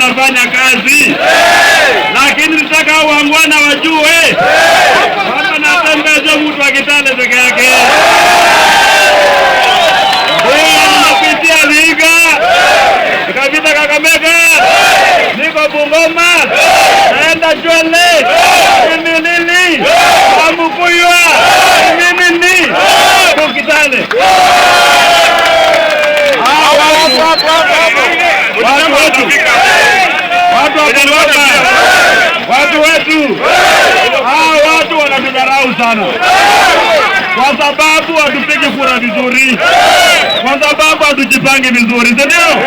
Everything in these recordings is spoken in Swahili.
inafanya kazi hey! Lakini nitaka wangwana wajue hey! natembeza mtu akitale peke yake ninapitia Vihiga hey! nikapita Kakamega hey! niko Bungoma hey! naenda Chwele hey! hey! hey! hey! Watu watu wetu hawa watu wanatudharau sana, kwa sababu hatupigi kura vizuri, kwa sababu hatujipangi vizuri, si ndio?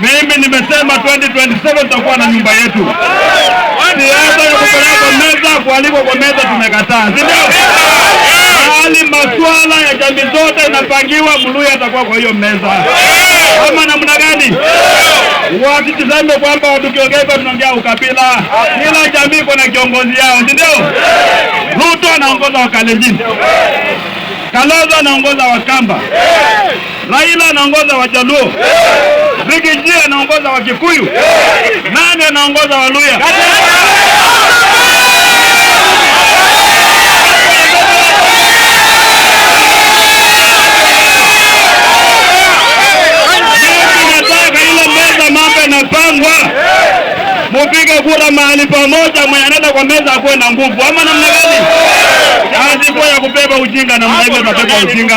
Mimi nimesema 2027 tutakuwa na nyumba yetu. Siasa ya kupeleka meza, kualikwa kwa meza tumekataa, si ndio? Hali maswala ya jamii zote inapangiwa, Mluya atakuwa kwa hiyo meza, ama namna gani? Watu tuzame kwamba tukiongea hivyo tunaongea ukabila. Kila jamii iko na kiongozi yao, si ndio? Ruto anaongoza Wakalenjin, Kalonzo anaongoza Wakamba, Raila anaongoza Wajaluo, Rigiji anaongoza Wakikuyu, nani anaongoza Waluya? Ukipiga kura mahali pamoja, mwenye anaenda kwa meza akuwe na nguvu, ama namna gani? kwa ya kubeba ujinga na hivyo tabeba ujinga.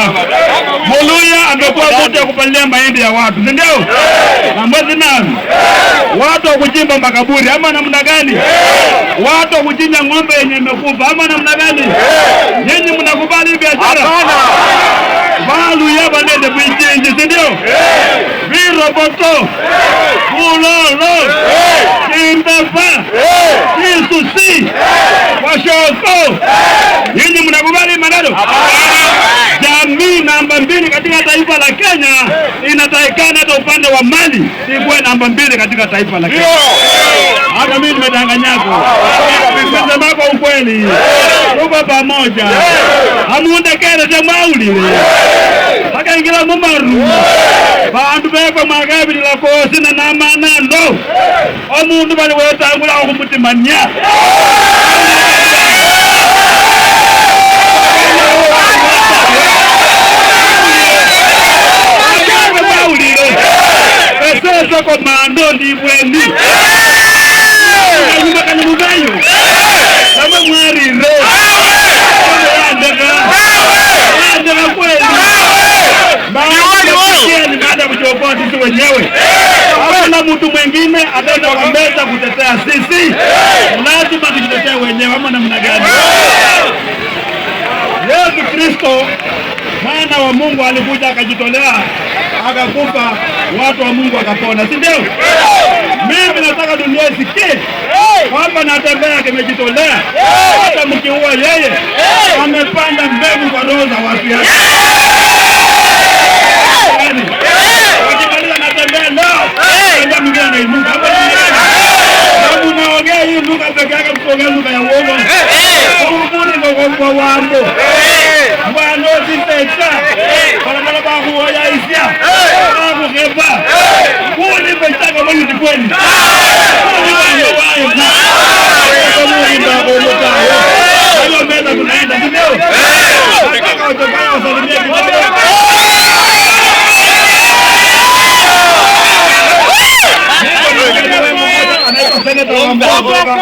Muluya amekuwa mtu ya kupalilia mahindi ya watu, si ndio? nani? Watu wa kuchimba makaburi ama namna gani? Watu wa kuchinja ng'ombe yenye imekufa ama namna gani? Nyinyi mnakubali biashara? Hapana. Balu yaba nende kuichinji Shoko, nyinyi mnakubali maneno. Jamii namba mbili katika taifa la Kenya inatakikana hata upande wa mali ikuwe namba mbili katika taifa la Kenya. Hata mimi nimedanganyako, nimesemako ukweli. Tuko pamoja, hamundekerete mwaulile ingila mumaru bandu beko mwakabili kosi na namanando omundu bali wetangula okumutimania Kwa mando ndi bweni kanyuma kanyumu kanyu namwe mwarire andeka kweli maaieni baada ya sisi wenyewe. Hakuna mtu mwingine ataenda kwa meza kutetea sisi, lazima tujitetea wenyewe. Ama namna gani? Yesu Kristo mwana wa Mungu alikuja akajitolea akakufa, watu wa Mungu akapona, si ndio? Mimi nataka dunia isikie kwamba natembea kimejitolea, hata mkiua yeye amepanda mbegu kwa roho za watu yake. Yaani, wakimaliza Natembeya nao enda mwingine anainuka Eka barabara bakhuoyaisya bakhukheba bulimba itaka mwanyutikweni ayomeza kunaenda sindio ataka watokaya wasalimia kidogo Seneta wa Mbogo.